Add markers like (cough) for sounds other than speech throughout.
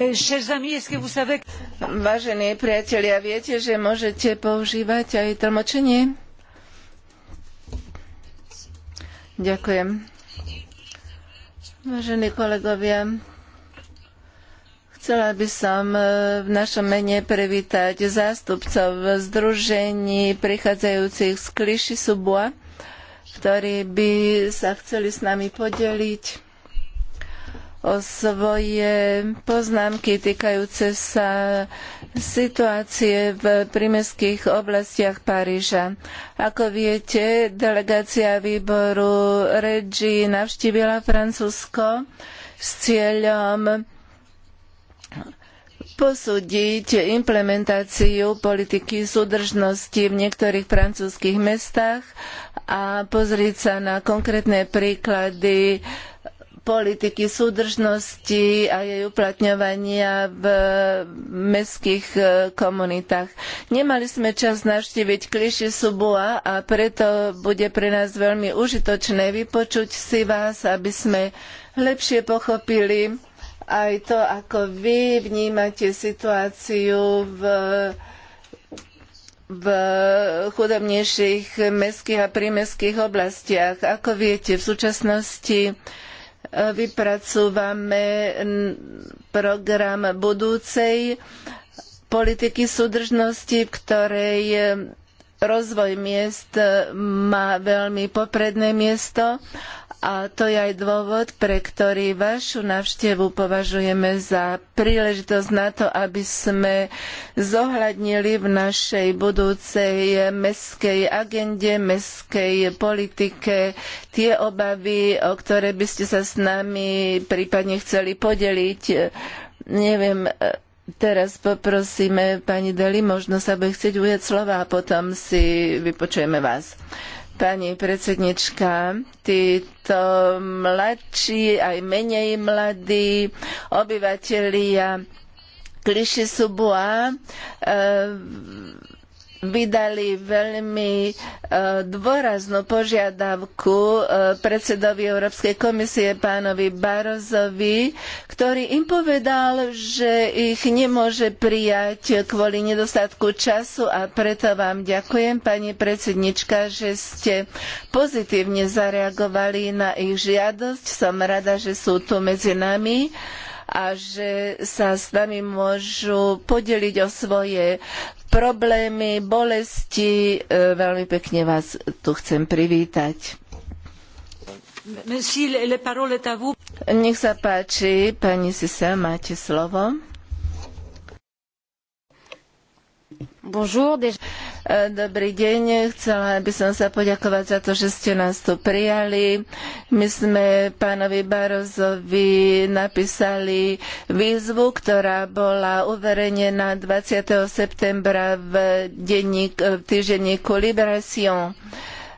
Euh, Vážení priatelia, viete, že môžete používať aj tlmočenie? Ďakujem. Vážení kolegovia, chcela by som e, v našom mene privítať zástupcov združení prichádzajúcich z Kliši Subua, ktorí by sa chceli s nami podeliť o svoje poznámky týkajúce sa situácie v prímeských oblastiach Paríža. Ako viete, delegácia výboru REGI navštívila Francúzsko s cieľom posúdiť implementáciu politiky súdržnosti v niektorých francúzskych mestách a pozrieť sa na konkrétne príklady politiky súdržnosti a jej uplatňovania v mestských e, komunitách. Nemali sme čas navštíviť Kliši Subua a preto bude pre nás veľmi užitočné vypočuť si vás, aby sme lepšie pochopili aj to, ako vy vnímate situáciu v v chudobnejších mestských a prímestských oblastiach. Ako viete, v súčasnosti vypracúvame program budúcej politiky súdržnosti, v ktorej rozvoj miest e, má veľmi popredné miesto a to je aj dôvod, pre ktorý vašu návštevu považujeme za príležitosť na to, aby sme zohľadnili v našej budúcej mestskej agende, mestskej politike tie obavy, o ktoré by ste sa s nami prípadne chceli podeliť. Neviem, e, Teraz poprosíme pani Deli, možno sa bude chcieť ujať slova a potom si vypočujeme vás. Pani predsednička, títo mladší, aj menej mladí obyvatelia Klišisubua, e, eh, vydali veľmi e, dôraznú požiadavku e, predsedovi Európskej komisie pánovi Barozovi, ktorý im povedal, že ich nemôže prijať kvôli nedostatku času a preto vám ďakujem, pani predsednička, že ste pozitívne zareagovali na ich žiadosť. Som rada, že sú tu medzi nami a že sa s nami môžu podeliť o svoje problémy, bolesti. E, veľmi pekne vás tu chcem privítať. Nech sa páči, pani Sisa, máte slovo. E, dobrý deň, chcela by som sa poďakovať za to, že ste nás tu prijali. My sme pánovi Barozovi napísali výzvu, ktorá bola uverejnená 20. septembra v, denník, v týždenníku Liberation.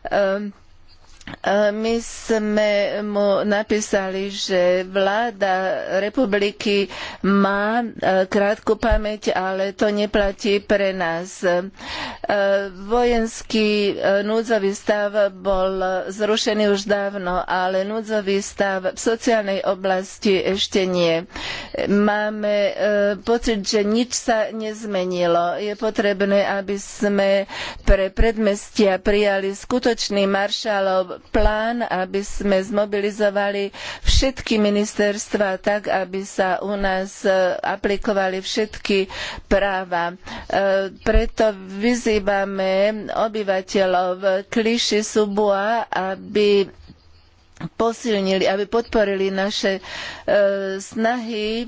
Um, e, E, my sme mu napísali, že vláda republiky má e, krátku pamäť, ale to neplatí pre nás. E, vojenský núdzový stav bol zrušený už dávno, ale núdzový stav v sociálnej oblasti ešte nie. Máme pocit, že nič sa nezmenilo. Je potrebné, aby sme pre predmestia prijali skutočný maršalov plán, aby sme zmobilizovali všetky ministerstva tak, aby sa u nás e, aplikovali všetky práva. E, preto vyzývame obyvateľov Kliši Subua, aby posilnili, aby podporili naše e, snahy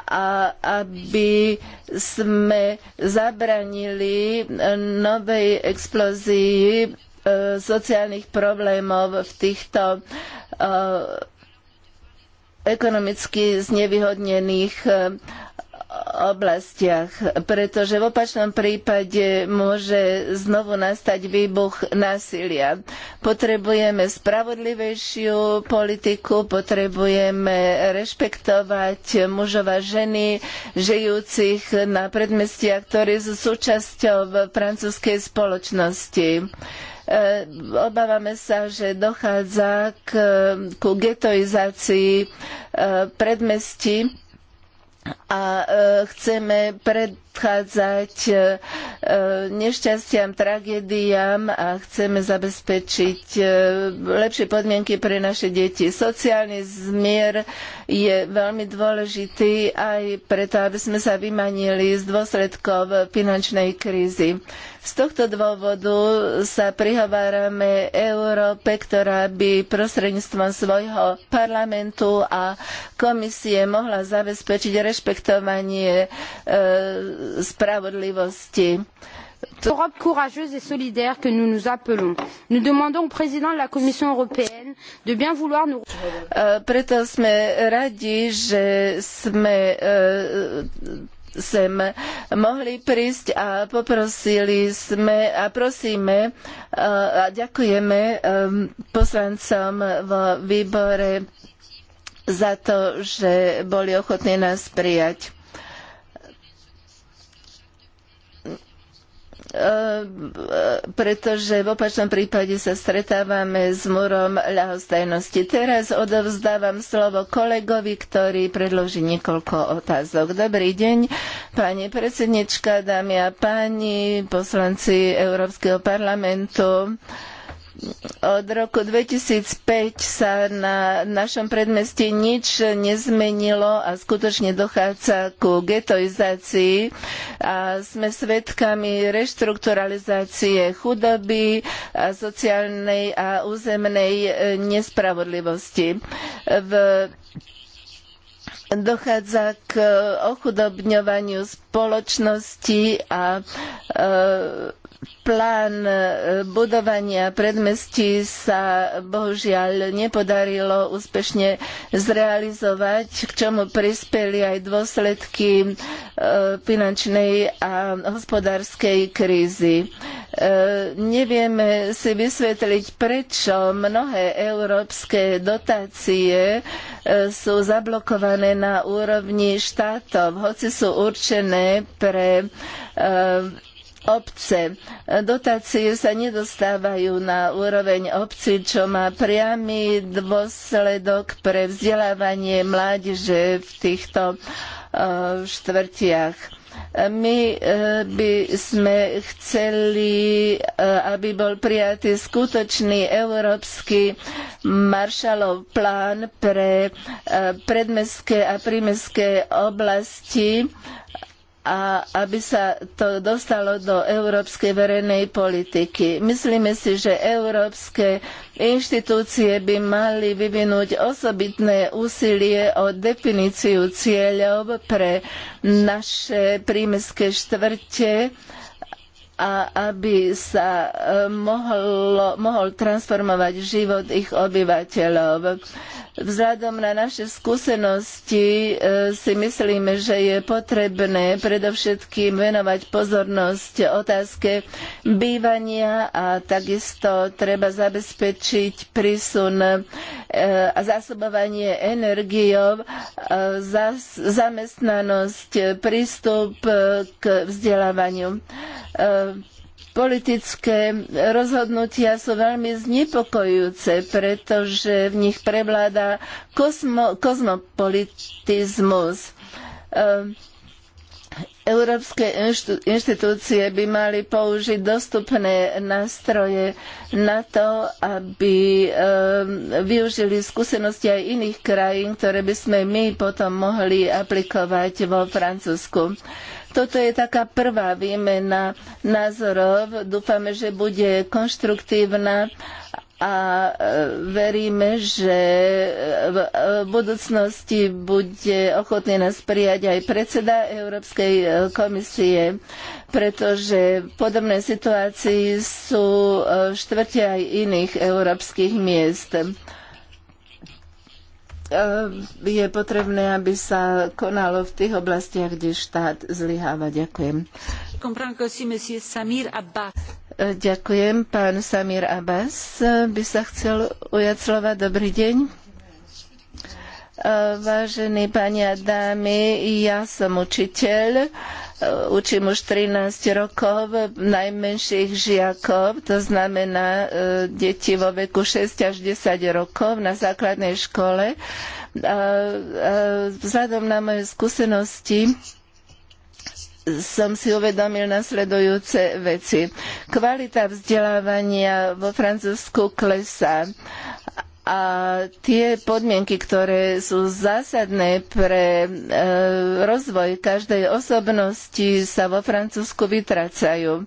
a aby sme zabranili novej explózii e, sociálnych problémov v týchto e, ekonomicky znevýhodnených e, oblastiach, pretože v opačnom prípade môže znovu nastať výbuch násilia. Potrebujeme spravodlivejšiu politiku, potrebujeme rešpektovať mužov a ženy žijúcich na predmestiach, ktorí sú súčasťou francúzskej spoločnosti e, obávame sa, že dochádza k, ku getoizácii e, predmestí a e, chceme pred, predchádzať e, e, nešťastiam, tragédiám a chceme zabezpečiť e, lepšie podmienky pre naše deti. Sociálny zmier je veľmi dôležitý aj preto, aby sme sa vymanili z dôsledkov finančnej krízy. Z tohto dôvodu sa prihovárame Európe, ktorá by prostredníctvom svojho parlamentu a komisie mohla zabezpečiť rešpektovanie e, spravodlivosti. L'Europe courageuse et solidaire que nous nous appelons. Nous demandons au président de la Commission européenne de bien vouloir nous. Euh, preto sme radi, že sme euh, sem mohli prísť a poprosili sme a prosíme euh, a ďakujeme um, poslancom vo výbore za to, že boli ochotní nás prijať. pretože v opačnom prípade sa stretávame s murom ľahostajnosti. Teraz odovzdávam slovo kolegovi, ktorý predloží niekoľko otázok. Dobrý deň, pani predsednička, dámy a páni, poslanci Európskeho parlamentu od roku 2005 sa na našom predmestí nič nezmenilo a skutočne dochádza ku getoizácii a sme svedkami reštrukturalizácie chudoby a sociálnej a územnej e, nespravodlivosti. V dochádza k e, ochudobňovaniu spoločnosti a e, plán e, budovania predmestí sa bohužiaľ nepodarilo úspešne zrealizovať, k čomu prispeli aj dôsledky e, finančnej a hospodárskej krízy. E, nevieme si vysvetliť, prečo mnohé európske dotácie sú zablokované na úrovni štátov, hoci sú určené pre obce. Dotácie sa nedostávajú na úroveň obci, čo má priamy dôsledok pre vzdelávanie mládeže v týchto e, štvrtiach. My e, by sme chceli, e, aby bol prijatý skutočný európsky maršalov plán pre predmestské a prímestské oblasti a aby sa to dostalo do európskej verejnej politiky. Myslíme si, že európske inštitúcie by mali vyvinúť osobitné úsilie o definíciu cieľov pre naše prímestské štvrte a aby sa e, mohol, mohol transformovať život ich obyvateľov. Vzhľadom na naše skúsenosti e, si myslíme, že je potrebné predovšetkým venovať pozornosť otázke bývania a takisto treba zabezpečiť prísun e, a zásobovanie energiou, zamestnanosť, prístup k vzdelávaniu. Politické rozhodnutia sú veľmi znepokojujúce, pretože v nich prevláda kosmo, kozmopolitizmus. Ehm, európske inštitúcie by mali použiť dostupné nástroje na to, aby ehm, využili skúsenosti aj iných krajín, ktoré by sme my potom mohli aplikovať vo Francúzsku. Toto je taká prvá výmena názorov. Dúfame, že bude konštruktívna a e, veríme, že e, e, v budúcnosti bude ochotný nás prijať aj predseda Európskej komisie, pretože v podobnej situácii sú štvrte aj iných európskych miest. Eh, je potrebné, aby sa konalo v tých oblastiach, kde štát zlyháva. Ďakujem. Eh, ďakujem. Pán Samir Abbas by sa chcel ujať slova. Dobrý deň. Vážení pani a dámy, ja som učiteľ, e, učím už 13 rokov najmenších žiakov, to znamená e, deti vo veku 6 až 10 rokov na základnej škole. Vzhľadom na moje skúsenosti som si uvedomil nasledujúce veci. Kvalita vzdelávania vo Francúzsku klesá a tie podmienky, ktoré sú zásadné pre e, rozvoj každej osobnosti, sa vo Francúzsku vytracajú. E,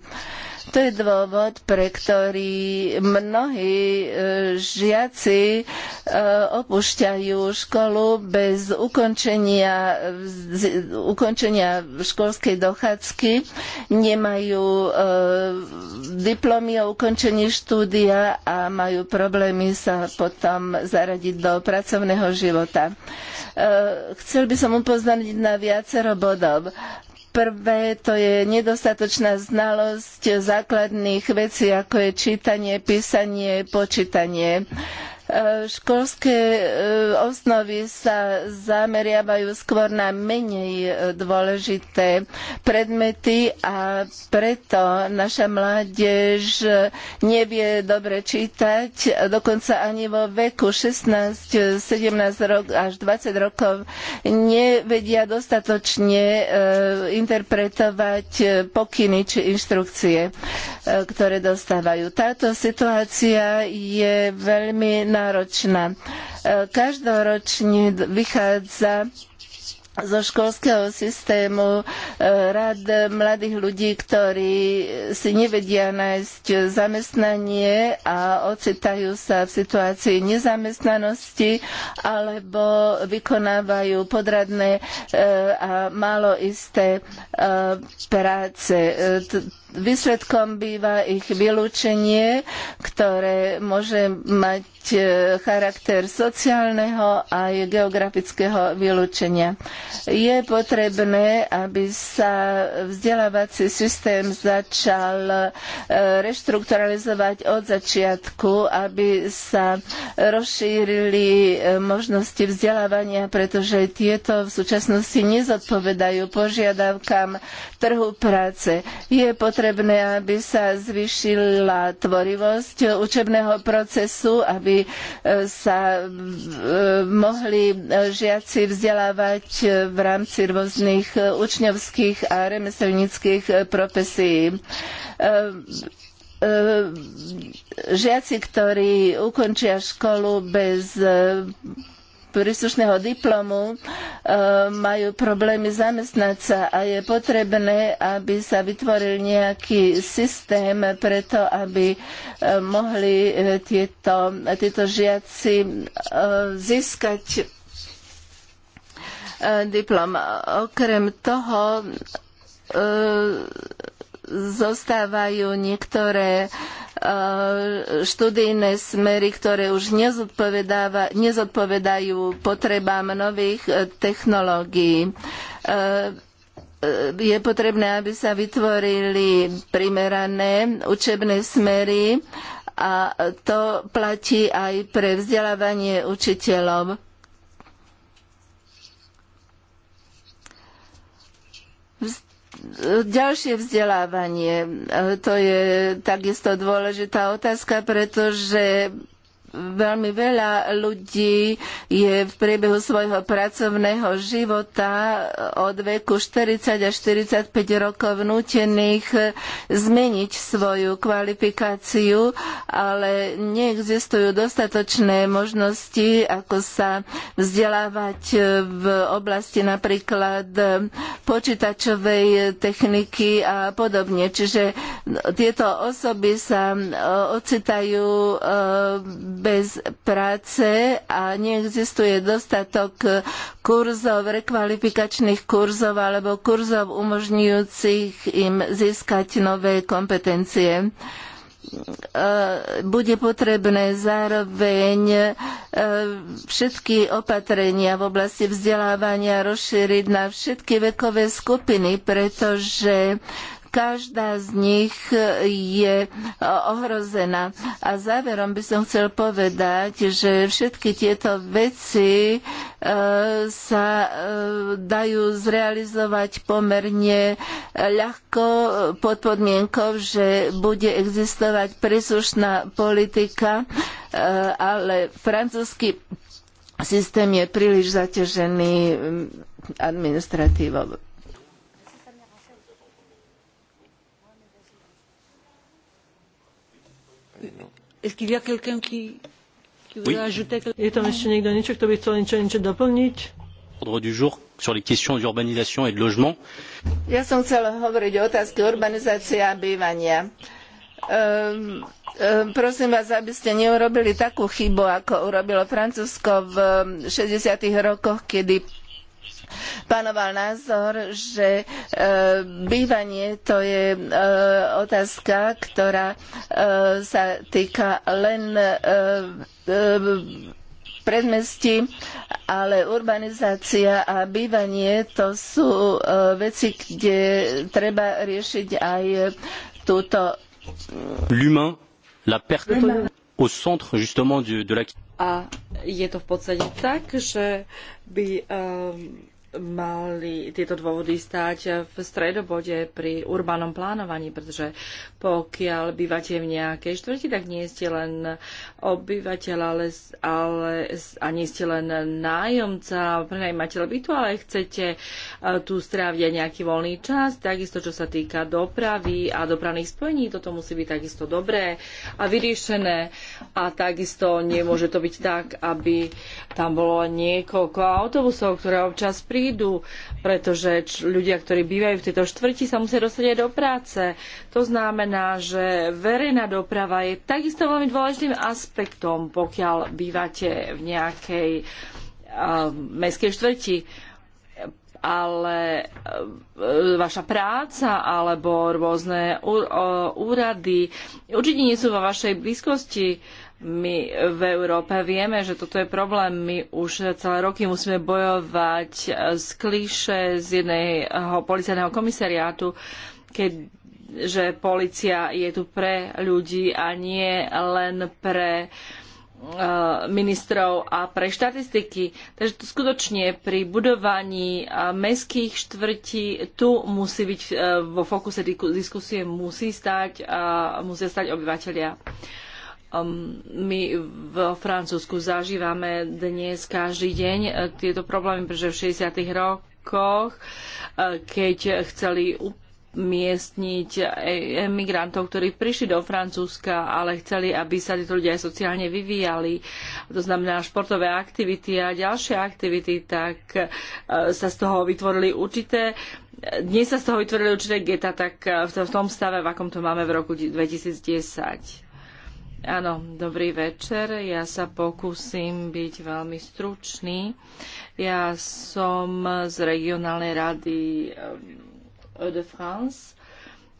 to je dôvod, pre ktorý mnohí e, žiaci e, opúšťajú školu bez ukončenia, ukončenia školskej dochádzky, nemajú e, diplomy o ukončení štúdia a majú problémy sa potom zaradiť do pracovného života. Chcel by som upozorniť na viacero bodov. Prvé to je nedostatočná znalosť základných vecí, ako je čítanie, písanie, počítanie. E, školské e, osnovy sa zameriavajú skôr na menej e, dôležité predmety a preto naša mládež nevie dobre čítať, dokonca ani vo veku 16, 17 rok až 20 rokov nevedia dostatočne interpretovať pokyny či inštrukcie, ktoré dostávajú. Táto situácia je veľmi náročná. E, každoročne vychádza zo školského systému e, rad mladých ľudí, ktorí si nevedia nájsť zamestnanie a ocitajú sa v situácii nezamestnanosti alebo vykonávajú podradné e, a málo isté práce Výsledkom býva ich vylúčenie, ktoré môže mať e, charakter sociálneho aj geografického vylúčenia. Je potrebné, aby sa vzdelávací systém začal e, reštrukturalizovať od začiatku, aby sa rozšírili e, možnosti vzdelávania, pretože tieto v súčasnosti nezodpovedajú požiadavkám trhu práce. Je potrebné potrebné, aby sa zvýšila tvorivosť učebného procesu, aby e, sa e, mohli žiaci vzdelávať v rámci rôznych učňovských a remeselnických profesí e, žiaci, ktorí ukončia školu bez príslušného diplomu e, majú problémy zamestnať sa a je potrebné, aby sa vytvoril nejaký systém preto, aby e, mohli e, tieto, títo žiaci získať diplom. Okrem toho zostávajú niektoré eh, študijné smery, ktoré už nezodpovedajú potrebám nových eh, technológií eh, je potrebné, aby sa vytvorili primerané učebné smery a to platí aj pre vzdelávanie učiteľov. Ďalšie vzdelávanie, e, to je takisto dôležitá otázka, pretože veľmi veľa ľudí je v priebehu svojho pracovného života od veku 40 až 45 rokov nútených zmeniť svoju kvalifikáciu, ale neexistujú dostatočné možnosti, ako sa vzdelávať v oblasti napríklad počítačovej techniky a podobne. Čiže tieto osoby sa ocitajú eh, bez práce a neexistuje dostatok kurzov, rekvalifikačných kurzov alebo kurzov umožňujúcich im získať nové kompetencie e, bude potrebné zároveň e, všetky opatrenia v oblasti vzdelávania rozšíriť na všetky vekové skupiny, pretože Každá z nich e, je e, ohrozená. A záverom by som chcel povedať, že všetky tieto veci e, sa dajú zrealizovať pomerne ľahko pod podmienkou, že bude existovať príslušná politika, ale francúzsky systém je príliš zaťažený administratívou. Je tam ešte niekto niečo, kto by chcel niečo, niečo doplniť? Ja som chcela hovoriť o otázke urbanizácie a bývania. Um, um, prosím vás, aby ste neurobili takú chybu, ako urobilo Francúzsko v 60. Ehm, rokoch, kedy panoval názor, že e, bývanie to je e, otázka, ktorá e, sa týka len predmestí, ale urbanizácia a bývanie to sú veci, kde treba riešiť aj túto. L'humain, la perte au centre justement de, de la... A je to v podstate tak, že by um mali tieto dôvody stáť v stredobode pri urbanom plánovaní, pretože pokiaľ bývate v nejakej štvrti, tak nie ste len obyvateľ, ale, ale a nie ste len nájomca, prenajímateľ bytu, ale chcete e, tu stráviť aj nejaký voľný čas, takisto čo sa týka dopravy a dopravných spojení, toto musí byť takisto dobré a vyriešené a takisto nemôže to byť tak, aby tam bolo niekoľko autobusov, ktoré občas prídu prídu, pretože ľudia, ktorí bývajú v tejto štvrti, sa musia dostať aj do práce. To znamená, že verejná doprava je takisto veľmi dôležitým aspektom, pokiaľ bývate v nejakej uh, mestskej štvrti ale um, e, vaša práca alebo rôzne úrady určite nie sú vo vašej blízkosti my v Európe vieme, že toto je problém. My už celé roky musíme bojovať z e, klíše z jedného policajného komisariátu, keď že policia je tu pre ľudí a nie len pre e, ministrov a pre štatistiky. Takže to skutočne pri budovaní e, mestských štvrtí tu musí byť vo fokuse diskusie musí stať, musia stať obyvateľia my v Francúzsku zažívame dnes každý deň e, tieto problémy, pretože v 60. rokoch, e, keď chceli umiestniť e, emigrantov, ktorí prišli do Francúzska, ale chceli, aby sa títo ľudia aj sociálne vyvíjali, to znamená športové aktivity a ďalšie aktivity, tak sa z toho vytvorili určité dnes sa z toho vytvorili určité geta, tak v tom stave, v akom to máme v roku 2010. Áno, dobrý večer. Ja sa pokúsim byť veľmi stručný. Ja som z regionálnej rady Eau um, de France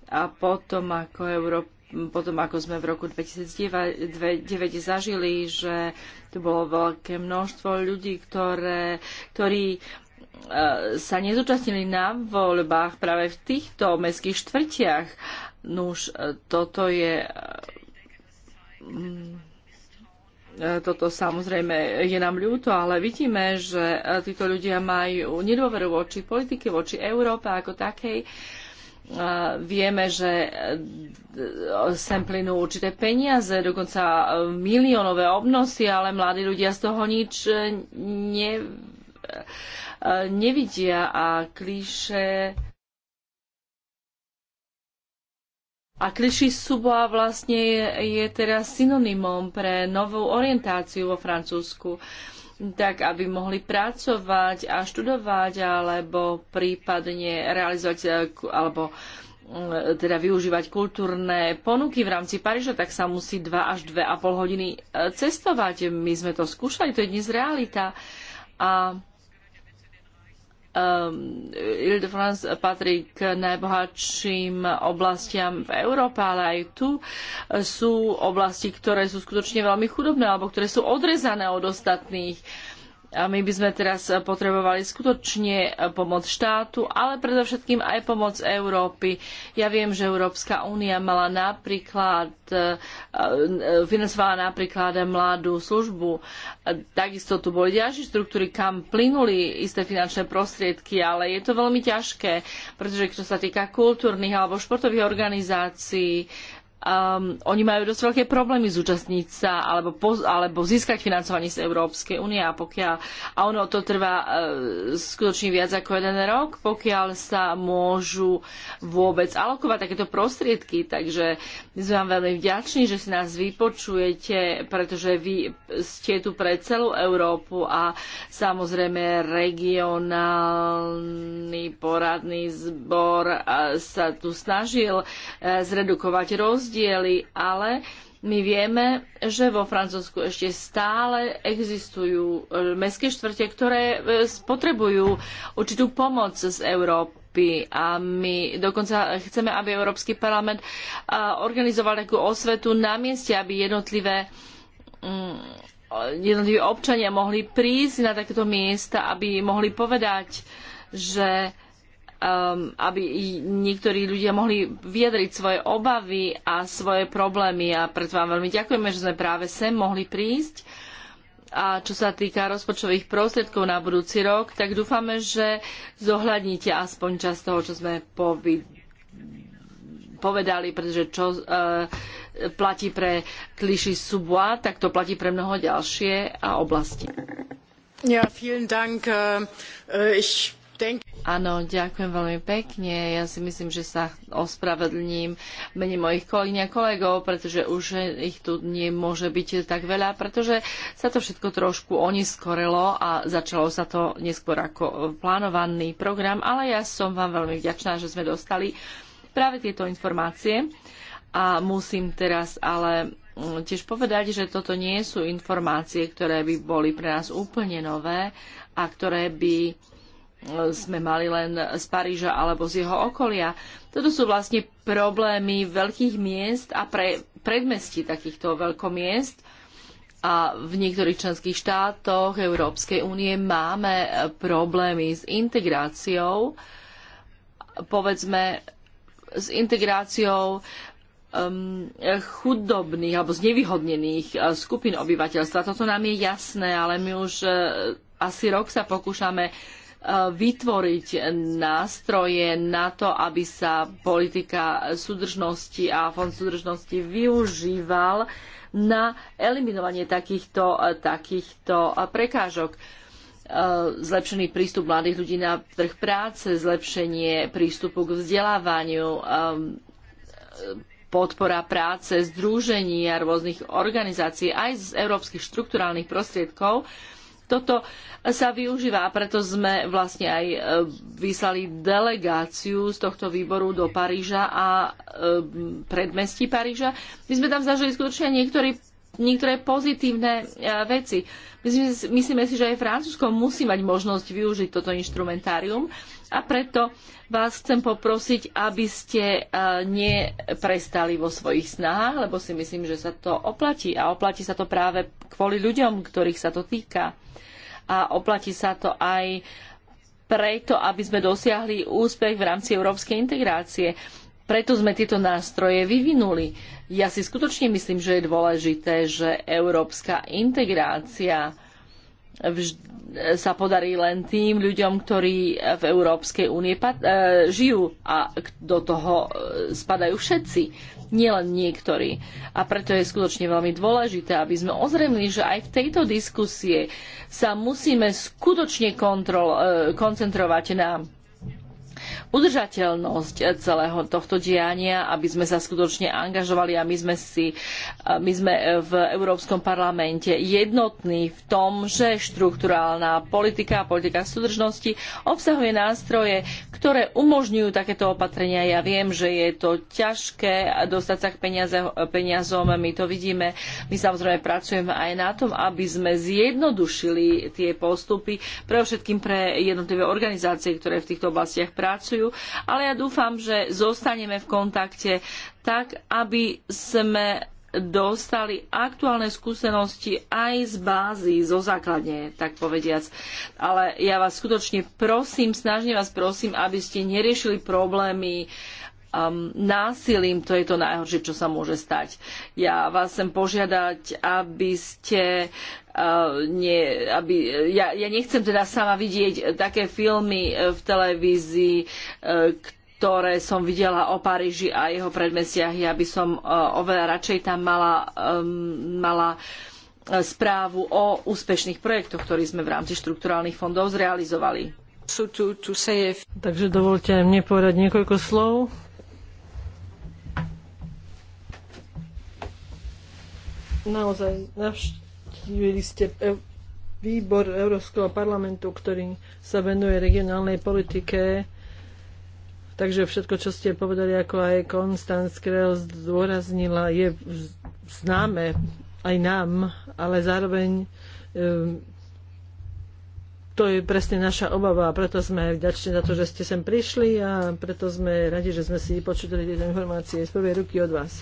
a potom ako Euró... potom ako sme v roku 2009 zažili, že tu bolo veľké množstvo ľudí, ktoré, ktorí uh, sa nezúčastnili na voľbách práve v týchto mestských štvrtiach. Nuž, toto je Mm. toto samozrejme je nám ľúto, ale vidíme, že títo ľudia majú nedôveru voči politike, voči Európe ako takej. Vieme, že e, sem plynú určité peniaze, dokonca e, miliónové obnosy, ale mladí ľudia z toho nič e, ne, nevidia a klíše A Clichy Subois vlastne je, je teraz synonymom pre novú orientáciu vo Francúzsku tak aby mohli pracovať a študovať alebo prípadne realizovať eh, alebo mm, teda využívať kultúrne ponuky v rámci Paríža, tak sa musí 2 až 2,5 hodiny eh, cestovať. My sme to skúšali, to je dnes realita. A Um, Ile-de-France patrí k najbohatším oblastiam v Európe, ale aj tu sú oblasti, ktoré sú skutočne veľmi chudobné alebo ktoré sú odrezané od ostatných. Uh, my by sme teraz potrebovali skutočne pomoc štátu, ale predovšetkým aj pomoc Európy. Ja viem, že Európska únia mala napríklad, eh, financovala napríklad mladú službu. Takisto tu boli ďalšie štruktúry, kam plynuli isté finančné prostriedky, ale je to veľmi ťažké, pretože čo sa týka kultúrnych alebo športových organizácií, um, oni majú dosť veľké problémy zúčastniť sa alebo, poz, alebo získať financovanie z Európskej únie a pokiaľ a ono to trvá uh, skutočne viac ako jeden rok, pokiaľ sa môžu vôbec alokovať takéto prostriedky. Takže my sme vám veľmi vďační, že si nás vypočujete, pretože vy ste tu pre celú Európu a samozrejme regionálny poradný zbor uh, sa tu snažil uh, zredukovať roz rozdiely, ale my vieme, že vo Francúzsku ešte stále existujú eh, mestské štvrte, ktoré eh, potrebujú určitú pomoc z Európy. A my dokonca chceme, aby Európsky parlament eh, organizoval takú osvetu na mieste, aby jednotlivé mm, jednotliví občania mohli prísť na takéto miesta, aby mohli povedať, že um, aby niektorí ľudia mohli vyjadriť svoje obavy a svoje problémy. A preto vám veľmi ďakujeme, že sme práve sem mohli prísť. A čo sa týka rozpočtových prostriedkov na budúci rok, tak dúfame, že zohľadníte aspoň čas toho, čo sme povedali, pretože čo uh, platí pre Kliši Subua, tak to platí pre mnoho ďalšie oblasti. Ja, vielen Dank. Äh, ich Áno, ďakujem veľmi pekne. Ja si myslím, že sa ospravedlním mene mojich kolegyň a kolegov, pretože už ich tu nemôže byť tak veľa, pretože sa to všetko trošku oniskorelo a začalo sa to neskôr ako plánovaný program, ale ja som vám veľmi vďačná, že sme dostali práve tieto informácie a musím teraz ale mm, tiež povedať, že toto nie sú informácie, ktoré by boli pre nás úplne nové a ktoré by sme mali len z Paríža alebo z jeho okolia. Toto sú vlastne problémy veľkých miest a pre, predmestí takýchto veľkomiest. A v niektorých členských štátoch Európskej únie máme problémy s integráciou, povedzme s integráciou um, chudobných alebo znevýhodnených uh, skupín obyvateľstva. Toto nám je jasné, ale my už uh, asi rok sa pokúšame vytvoriť nástroje na to, aby sa politika súdržnosti a fond súdržnosti využíval na eliminovanie takýchto, takýchto prekážok e, zlepšený prístup mladých ľudí na trh práce, zlepšenie prístupu k vzdelávaniu, e, podpora práce, združení a rôznych organizácií aj z európskych štrukturálnych prostriedkov toto sa využíva a preto sme vlastne aj e, vyslali delegáciu z tohto výboru do Paríža a e, predmestí Paríža. My sme tam zažili skutočne niektorí niektoré pozitívne e, veci. Myslíme si, že aj Francúzsko musí mať možnosť využiť toto inštrumentárium a preto vás chcem poprosiť, aby ste neprestali vo svojich snahách, lebo si myslím, že sa to oplatí a oplatí sa to práve kvôli ľuďom, ktorých sa to týka a oplatí sa to aj preto, aby sme dosiahli úspech v rámci európskej integrácie. Preto sme tieto nástroje vyvinuli. Ja si skutočne myslím, že je dôležité, že európska integrácia sa podarí len tým ľuďom, ktorí v Európskej únie e, žijú a do toho e, spadajú všetci, nielen niektorí. A preto je skutočne veľmi dôležité, aby sme ozremli, že aj v tejto diskusie sa musíme skutočne kontrol, e, koncentrovať na udržateľnosť celého tohto diania, aby sme sa skutočne angažovali a my sme, si, my sme v Európskom parlamente jednotní v tom, že štrukturálna politika a politika súdržnosti obsahuje nástroje, ktoré umožňujú takéto opatrenia. Ja viem, že je to ťažké dostať sa k peniazom, my to vidíme. My samozrejme pracujeme aj na tom, aby sme zjednodušili tie postupy, pre všetkým pre jednotlivé organizácie, ktoré v týchto oblastiach pracujú pracujú, ale ja dúfam, že zostaneme v kontakte tak, aby sme dostali aktuálne skúsenosti aj z bázy, zo základne, tak povediac. Ale ja vás skutočne prosím, snažne vás prosím, aby ste neriešili problémy um, násilím, to je to najhoršie, čo sa môže stať. Ja vás chcem požiadať, aby ste nie, aby, ja, ja nechcem teda sama vidieť také filmy e, v televízii, e, ktoré som videla o Paríži a jeho predmestiach, ja by som e, oveľa radšej tam mala, mala správu o úspešných projektoch, ktorý sme v rámci štrukturálnych fondov zrealizovali. Takže dovolte aj mne povedať niekoľko slov. Naozaj, navš- navštívili ste e, výbor Európskeho parlamentu, ktorý sa venuje regionálnej politike. Takže všetko, čo ste povedali, ako aj Konstanz Krell zdôraznila, je známe aj nám, ale zároveň to je presne naša obava a preto sme vďační za to, že ste sem prišli a preto sme radi, že sme si počuli tieto informácie z prvej ruky od vás.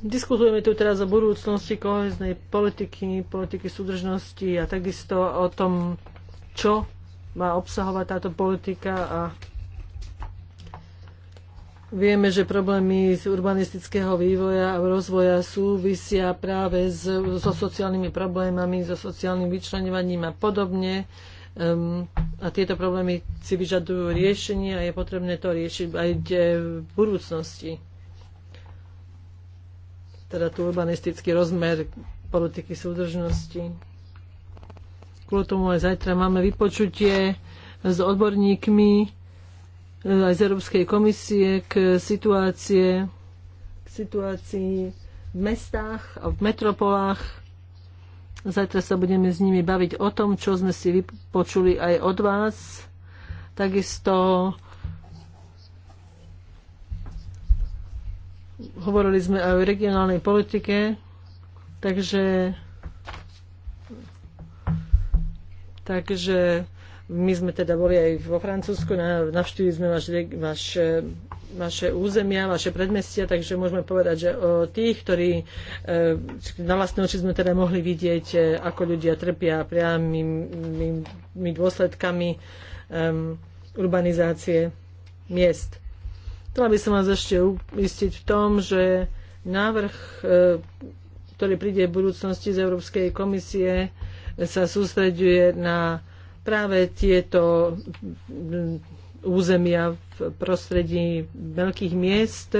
Diskutujeme tu teraz o budúcnosti koheznej politiky, politiky súdržnosti a takisto o tom, čo má obsahovať táto politika a Vieme, že problémy z urbanistického vývoja a rozvoja súvisia práve s, so sociálnymi problémami, so sociálnym vyčlenovaním a podobne. Um, a tieto problémy si vyžadujú riešenie a je potrebné to riešiť aj v budúcnosti teda tu urbanistický rozmer politiky súdržnosti. Kvôli tomu aj zajtra máme vypočutie s odborníkmi e, aj z Európskej komisie k situácie, k situácii v mestách a v metropolách. Zajtra sa budeme s nimi baviť o tom, čo sme si vypočuli aj od vás. Takisto hovorili sme aj o regionálnej politike, takže takže my sme teda boli aj vo Francúzsku, navštívili sme vaš, vaš, vaše územia, vaše predmestia, takže môžeme povedať, že o tých, ktorí e, na vlastné oči sme teda mohli vidieť, e, ako ľudia trpia priamými dôsledkami um, urbanizácie miest. Chcela by som vás ešte uistiť v tom, že návrh, e, ktorý príde v budúcnosti z Európskej komisie, sa sústreďuje na práve tieto mm, územia v prostredí veľkých miest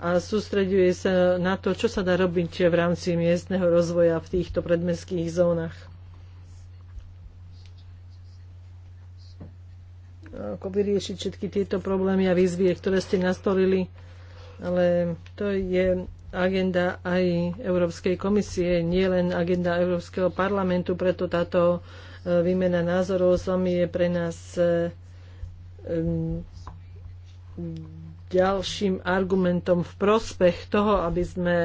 a sústreďuje sa na to, čo sa dá robiť v rámci miestneho rozvoja v týchto predmestských zónach. ako vyriešiť všetky tieto problémy a výzvy, ktoré ste nastolili. Ale to je agenda aj Európskej komisie, nie len agenda Európskeho parlamentu, preto táto e, výmena názorov s vami je pre nás e, ďalším argumentom v prospech toho, aby sme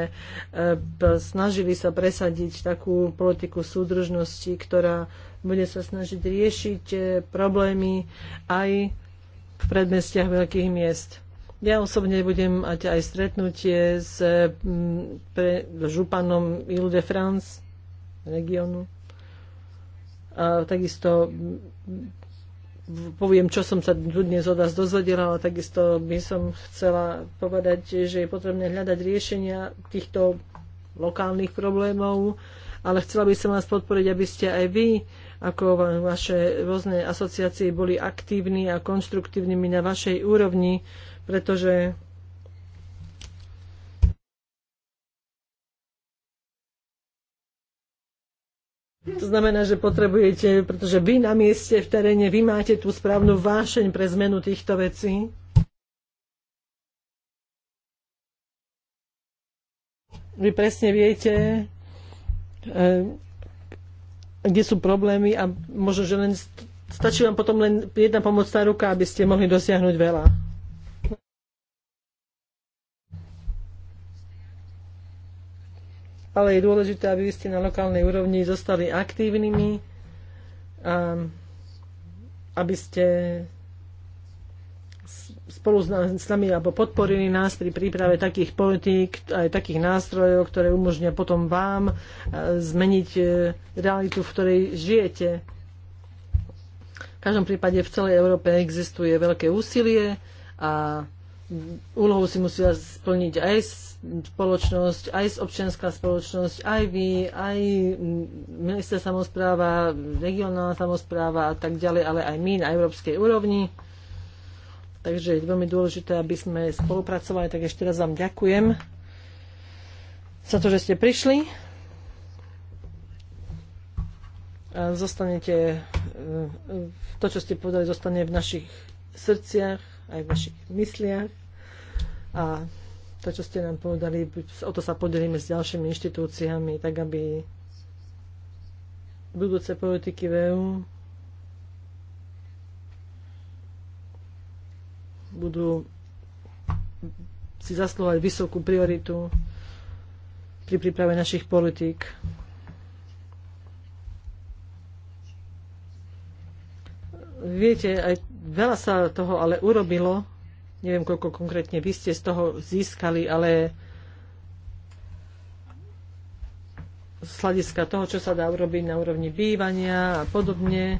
e, snažili sa presadiť takú politiku súdržnosti, ktorá bude sa snažiť riešiť e, problémy aj v predmestiach veľkých miest. Ja osobne budem mať aj stretnutie s pre, županom Ile-de-France regionu, A takisto poviem, čo som sa dnes od vás dozvedela, ale takisto by som chcela povedať, že je potrebné hľadať riešenia týchto lokálnych problémov, ale chcela by som vás podporiť, aby ste aj vy, ako vaše rôzne asociácie, boli aktívni a konštruktívnymi na vašej úrovni, pretože To znamená, že potrebujete, pretože vy na mieste v teréne, vy máte tú správnu vášeň pre zmenu týchto vecí. Vy presne viete, eh, kde sú problémy a možno, že len stačí vám potom len jedna pomocná ruka, aby ste mohli dosiahnuť veľa. ale je dôležité, aby ste na lokálnej úrovni zostali aktívnymi a aby ste spolu s nami alebo podporili nás pri príprave takých politík, aj takých nástrojov, ktoré umožnia potom vám e, zmeniť e, realitu, v ktorej žijete. V každom prípade v celej Európe existuje veľké úsilie a úlohu si musia splniť aj spoločnosť, aj občianská spoločnosť, aj vy, aj minister samozpráva, regionálna samozpráva a tak ďalej, ale aj my na európskej úrovni. Takže je veľmi dôležité, aby sme spolupracovali. Tak ešte raz vám ďakujem za to, že ste prišli. A zostanete, e, e, to, čo ste povedali, zostane v našich srdciach, aj v našich mysliach a to, čo ste nám povedali, o to sa podelíme s ďalšími inštitúciami, tak aby budúce politiky EU budú si zaslovať vysokú prioritu pri príprave našich politík. Viete, aj veľa sa toho ale urobilo Neviem, koľko konkrétne vy ste z toho získali, ale z hľadiska toho, čo sa dá urobiť na úrovni bývania a podobne,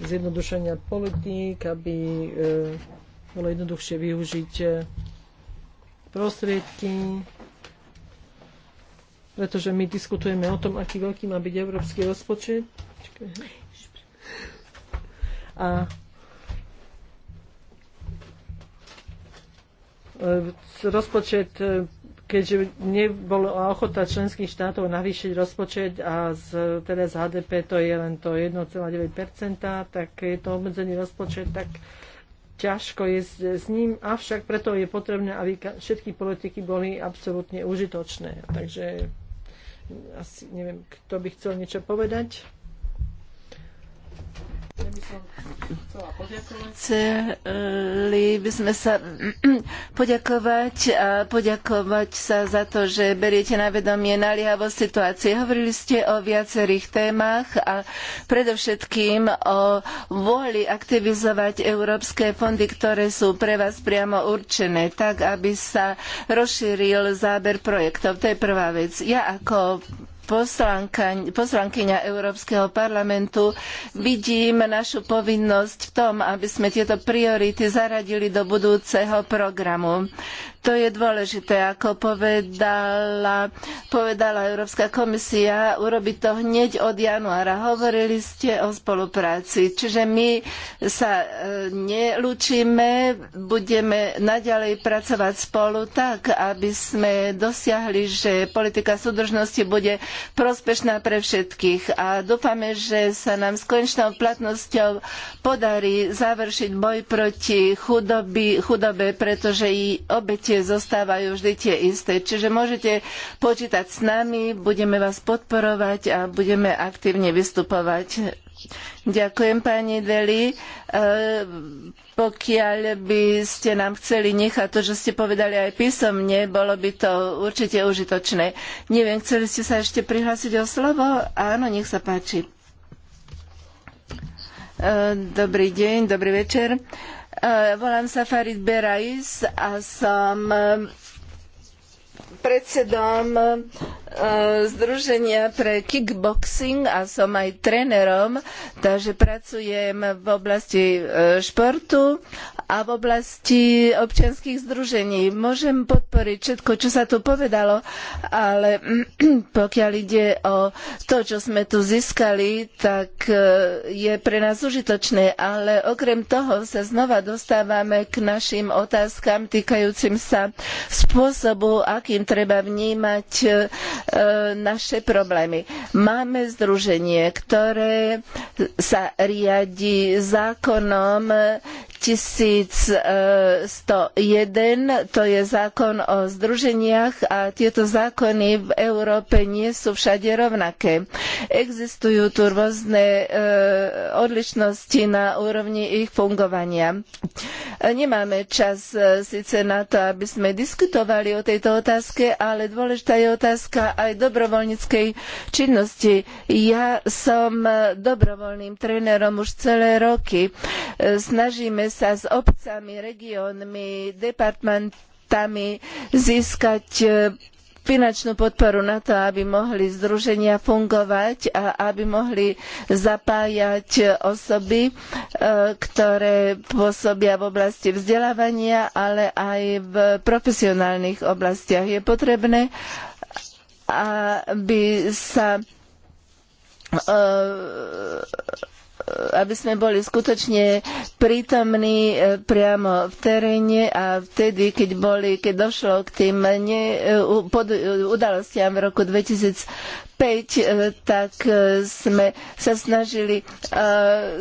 zjednodušenia politík, aby e, bolo jednoduchšie využiť e, prostriedky, pretože my diskutujeme o tom, aký veľký má byť európsky rozpočet. A E, rozpočet, e, keďže nebolo ochota členských štátov navýšiť rozpočet a z, teda z HDP to je len to 1,9%, tak je to obmedzený rozpočet, tak ťažko je s, s ním, avšak preto je potrebné, aby všetky politiky boli absolútne užitočné. Takže asi neviem, kto by chcel niečo povedať. Chceli by sme sa (clears throat) poďakovať a poďakovať sa za to, že beriete na vedomie naliehavosť situácie. Hovorili ste o viacerých témach a predovšetkým o vôli aktivizovať európske fondy, ktoré sú pre vás priamo určené, tak aby sa rozšíril záber projektov. To je prvá vec. Ja ako poslankyňa Európskeho parlamentu vidím našu povinnosť v tom, aby sme tieto priority zaradili do budúceho programu. To je dôležité, ako povedala, povedala Európska komisia, urobiť to hneď od januára. Hovorili ste o spolupráci, čiže my sa e, nelúčime, budeme naďalej pracovať spolu tak, aby sme dosiahli, že politika súdržnosti bude prospešná pre všetkých. A dúfame, že sa nám s konečnou platnosťou podarí završiť boj proti chudoby, chudobe, pretože i obete podstate zostávajú vždy tie isté. Čiže môžete počítať s nami, budeme vás podporovať a budeme aktívne vystupovať. Ďakujem pani Deli. E, pokiaľ by ste nám chceli nechať to, že ste povedali aj písomne, bolo by to určite užitočné. Neviem, chceli ste sa ešte prihlásiť o slovo? Áno, nech sa páči. E, dobrý deň, dobrý večer. E, Eh, volám sa Farid Berais a som eh, predsedom Eh, združenia pre kickboxing a som aj trénerom, takže pracujem v oblasti eh, športu a v oblasti občianskych združení. Môžem podporiť všetko, čo sa tu povedalo, ale (clears throat) pokiaľ ide o to, čo sme tu získali, tak eh, je pre nás užitočné, ale okrem toho sa znova dostávame k našim otázkam týkajúcim sa spôsobu, akým treba vnímať E, naše problémy. Máme združenie, ktoré sa riadi zákonom 1101, e, to je zákon o združeniach a tieto zákony v Európe nie sú všade rovnaké. Existujú tu rôzne e, odlišnosti na úrovni ich fungovania. Nemáme čas e, síce na to, aby sme diskutovali o tejto otázke, ale dôležitá je otázka aj dobrovoľníckej činnosti. Ja som dobrovoľným trénerom už celé roky. Snažíme sa s obcami, regiónmi, departmentami získať e, finančnú podporu na to, aby mohli združenia fungovať a aby mohli zapájať osoby, e, ktoré pôsobia v oblasti vzdelávania, ale aj v profesionálnych oblastiach. Je potrebné, aby sa e, aby sme boli skutočne prítomní e, priamo v teréne a vtedy, keď, boli, keď došlo k tým ne, e, pod, e, udalostiam v roku 2005, tak sme sa snažili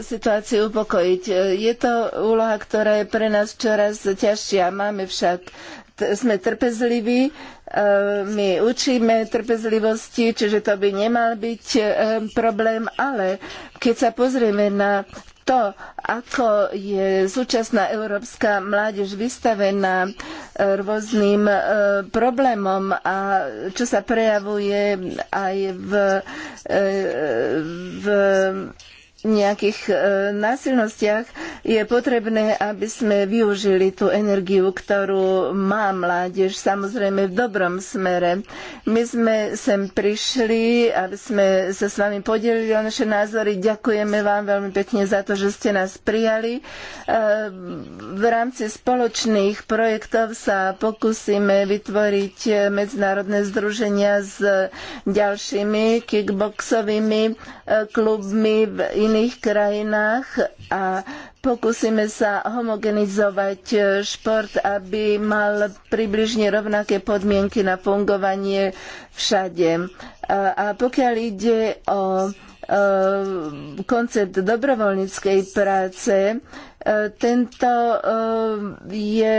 situáciu upokojiť. Je to úloha, ktorá je pre nás čoraz ťažšia. Máme však sme trpezliví, e, my učíme trpezlivosti, čiže to by nemal byť e, problém, ale keď sa pozrieme na to, ako je súčasná európska mládež vystavená e, rôznym problémom a čo sa prejavuje aj v, v nejakých e, násilnostiach, je potrebné, aby sme využili tú energiu, ktorú má mládež, samozrejme v dobrom smere. My sme sem prišli, aby sme sa s vami podelili o naše názory. Ďakujeme vám veľmi pekne za to, že ste nás prijali. E, v rámci spoločných projektov sa pokúsime vytvoriť medzinárodné združenia s ďalšími kickboxovými e, klubmi v iných krajinách a pokúsime sa homogenizovať eh, šport, aby mal približne rovnaké podmienky na fungovanie všade. A pokiaľ ide o eh, koncept dobrovoľníckej práce, eh, tento je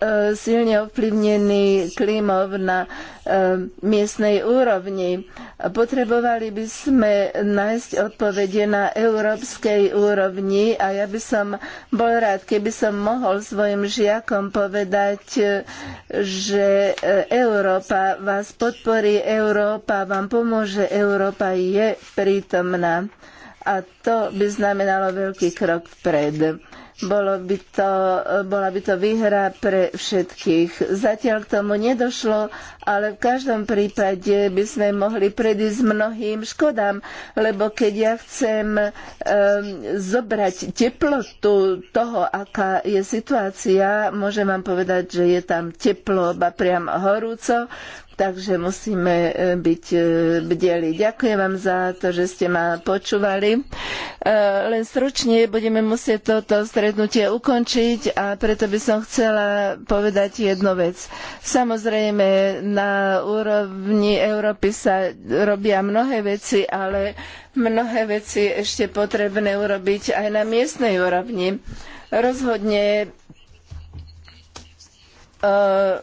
E, silne ovplyvnený klímov na e, miestnej úrovni. Potrebovali by sme nájsť odpovede na európskej úrovni a ja by som bol rád, keby som mohol svojim žiakom povedať, e, že Európa vás podporí, Európa vám pomôže, Európa je prítomná. A to by znamenalo veľký krok vpred. Bolo by to, bola by to výhra pre všetkých. Zatiaľ k tomu nedošlo, ale v každom prípade by sme mohli predísť mnohým škodám, lebo keď ja chcem um, zobrať teplotu toho, aká je situácia, môžem vám povedať, že je tam teplo, ba priam horúco, takže musíme e, byť e, bdeli. Ďakujem vám za to, že ste ma počúvali. E, len stručne budeme musieť toto stretnutie ukončiť a preto by som chcela povedať jednu vec. Samozrejme, na úrovni Európy sa robia mnohé veci, ale mnohé veci ešte potrebné urobiť aj na miestnej úrovni. Rozhodne uh,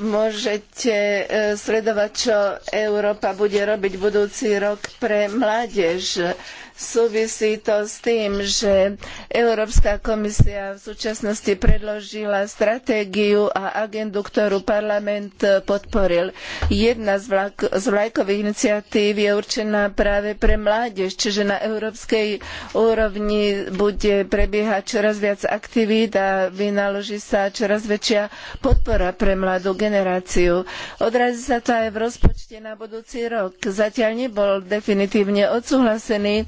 môžete e, sledovať, čo Európa bude robiť budúci rok pre mládež. Súvisí to s tým, že Európska komisia v súčasnosti predložila stratégiu a agendu, ktorú parlament podporil. Jedna z, vlak- z vlajkových iniciatív je určená práve pre mládež, čiže na európskej úrovni bude prebiehať čoraz viac aktivít a vynaloží sa čoraz väčšia podpora pre mladú generáciu. Odrazí sa to aj v rozpočte na budúci rok. Zatiaľ nebol definitívne odsúhlasený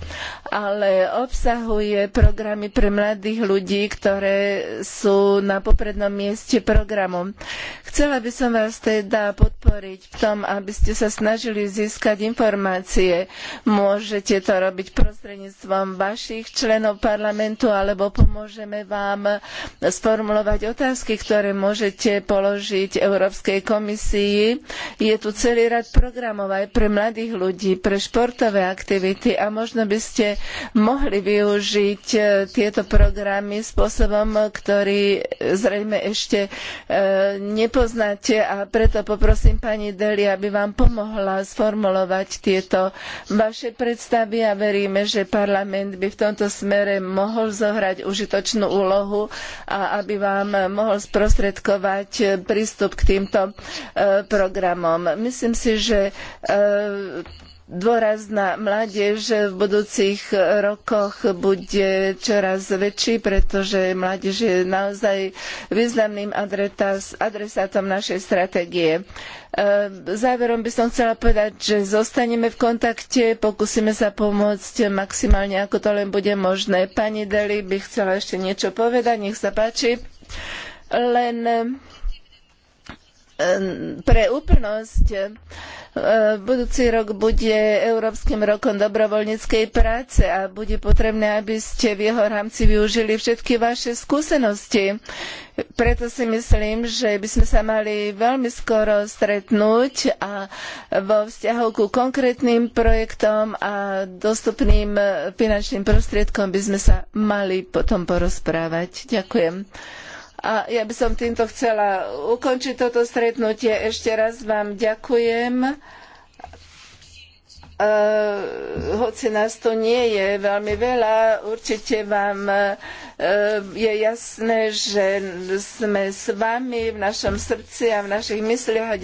ale obsahuje programy pre mladých ľudí, ktoré sú na poprednom mieste programu. Chcela by som vás teda podporiť v tom, aby ste sa snažili získať informácie. Môžete to robiť prostredníctvom vašich členov parlamentu, alebo pomôžeme vám sformulovať otázky, ktoré môžete položiť Európskej komisii. Je tu celý rad programov aj pre mladých ľudí, pre športové aktivity a možno by ste mohli využiť e, tieto programy spôsobom, ktorý zrejme ešte e, nepoznáte a preto poprosím pani Deli, aby vám pomohla sformulovať tieto vaše predstavy a veríme, že parlament by v tomto smere mohol zohrať užitočnú úlohu a aby vám mohol sprostredkovať prístup k týmto e, programom. Myslím si, že dôraz na mládež v budúcich rokoch bude čoraz väčší, pretože mládež je naozaj významným adresátom našej stratégie. E, záverom by som chcela povedať, že zostaneme v kontakte, pokúsime sa pomôcť maximálne, ako to len bude možné. Pani Deli by chcela ešte niečo povedať, nech sa páči. Len pre úplnosť budúci rok bude Európskym rokom dobrovoľníckej práce a bude potrebné, aby ste v jeho rámci využili všetky vaše skúsenosti. Preto si myslím, že by sme sa mali veľmi skoro stretnúť a vo vzťahu ku konkrétnym projektom a dostupným eh, finančným prostriedkom by sme sa mali potom porozprávať. Ďakujem. A ja by som týmto chcela ukončiť toto stretnutie. Ešte raz vám ďakujem. Uh, hoci nás tu nie je veľmi veľa, určite vám uh, je jasné, že sme s vami v našom srdci a v našich mysliach.